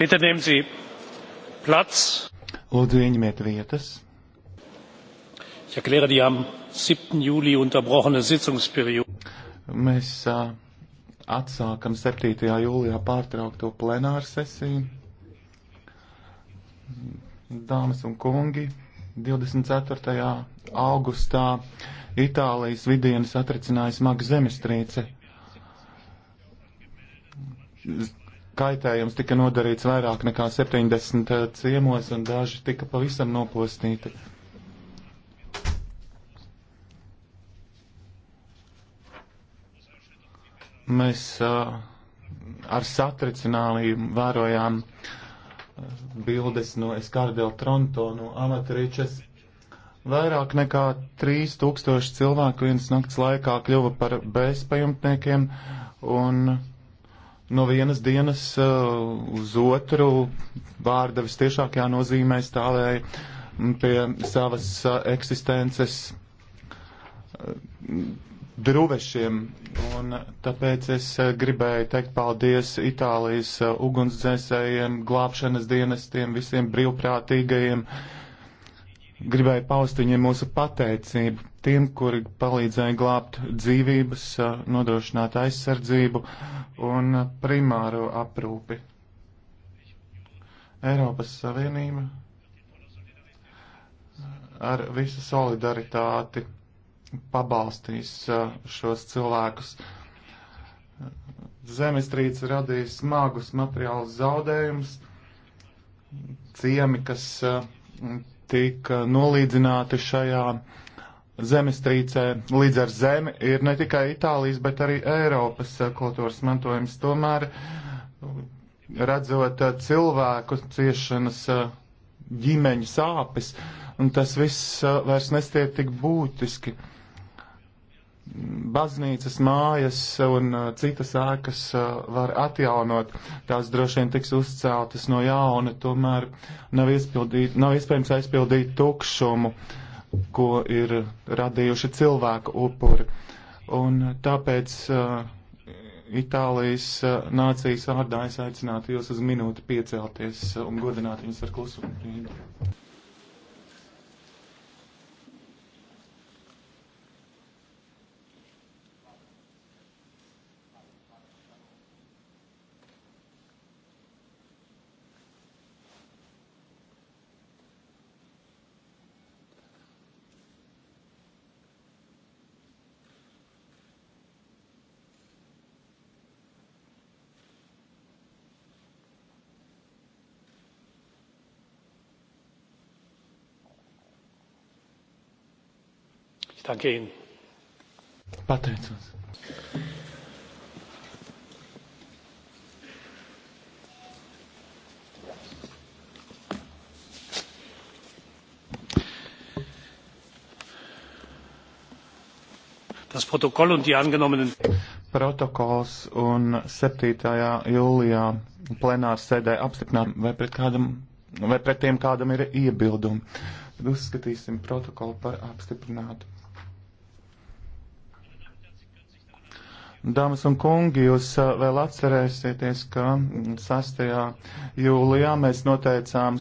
Bitte nehmen Sie Platz. Lūdzu, ieņemiet vietas. Ich erkläre die am 7. Juli unterbrochene Sitzungsperiode. Mēs uh, atsākam 7. jūlijā pārtraukto plenāru sesiju. Dāmas un kungi, 24. augustā Itālijas vidienas atricināja smaga zemestrīce kaitējums tika nodarīts vairāk nekā 70 eh, ciemos un daži tika pavisam nopostīti. Mēs uh, ar satricinājumu vērojām eh, bildes no Eskardela Tronto, no Amatričes. Vairāk nekā 3000 cilvēku vienas nakts laikā kļuva par bezpajumtniekiem un uh, no vienas dienas uh, uz otru vārda vistiešākajā nozīmē stāvēja pie savas uh, eksistences uh, drūvešiem. Un tāpēc es gribēju teikt paldies Itālijas ugunsdzēsējiem, glābšanas dienestiem, visiem brīvprātīgajiem, uh, gribēju paust viņiem mūsu pateicību, tiem, kuri palīdzēja glābt dzīvības, nodrošināt aizsardzību un primāro aprūpi. Eiropas Savienība ar visu solidaritāti pabalstīs šos cilvēkus. Zemestrīce radīja smagus materiālus zaudējumus, ciemi, kas tika nolīdzināti šajā zemestrīcē. Līdz ar zemi ir ne tikai Itālijas, bet arī Eiropas eh, kultūras mantojums. Tomēr, redzot eh, cilvēku ciešanas eh, ģimeņu sāpes, un tas viss vairs nestiet tik būtiski. Uh, baznīcas mājas un uh, citas ēkas uh, var atjaunot. Tās droši vien tiks uzceltas no jauna, tomēr nav, izpildīt, nav iespējams aizpildīt tukšumu, ko ir radījuši cilvēku upuri. Un tāpēc uh, Itālijas uh, nācijas vārdā es aicinātu jūs uz minūti piecelties un godināt viņus ar klusumu brīdi. Ich danke Ihnen. Pateicos. Das Protokoll und die angenommenen Protokols un 7. jūlijā plenārs sēdē apstiprināt, vai pret, kādam, vai pret tiem kādam ir iebildumi. Tad uzskatīsim protokolu par apstiprinātu. Dāmas un kungi, jūs vēl atcerēsieties, ka 6. Mm, jūlijā mēs noteicām